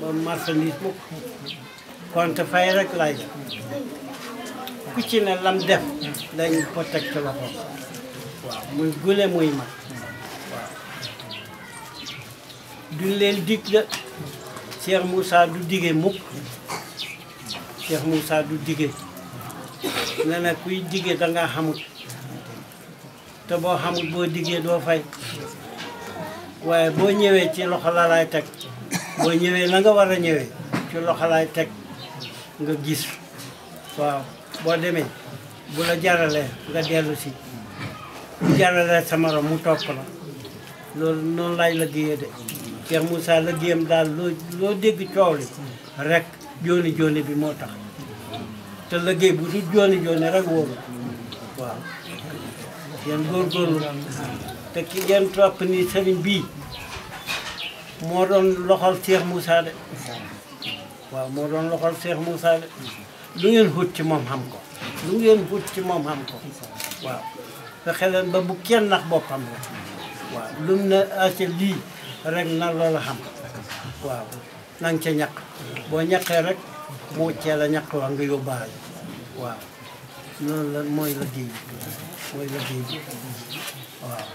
ba marchandise mukk compte fay rek laay def ci ne lam def dañ ko teg ci loxo muy gule muy mag waaw duñ leen dig de Cheikh Moussa du digee mukk Cheikh Moussa du digee ne kuy digee da nga xamut te boo xamut boo digee doo fay waaye boo ñëwee ci loxo la lay teg boo ñëwee na nga war a ñëwee ci loxo teg nga gis waaw boo demee bu la jaralee nga dellu si bu jaralee sa morom mu topp la loolu noonu laay liggéeyee de Cheikh Moussa liggéeyam daal loo loo dégg coow li rek jooni jooni bi moo tax te liggéey bu du jooni jooni rek wóoru waaw yéen góorgóorlu te ki ngeen topp nii sëriñ bii moo doon loxol Cheikh Moussa de waaw moo doon loxol Cheikh Moussa de lu ngeen xut ci moom xam ko lu ngeen xut ci moom xam ko waaw fexe ba bu kenn nax boppam la waaw lu mu ne acca ah, lii rek na loola xam waaw na nga ca ñaq boo ñaqee rek moo cee a ñaq waa nga yóbbaale waaw la mooy la géej mooy la géej waaw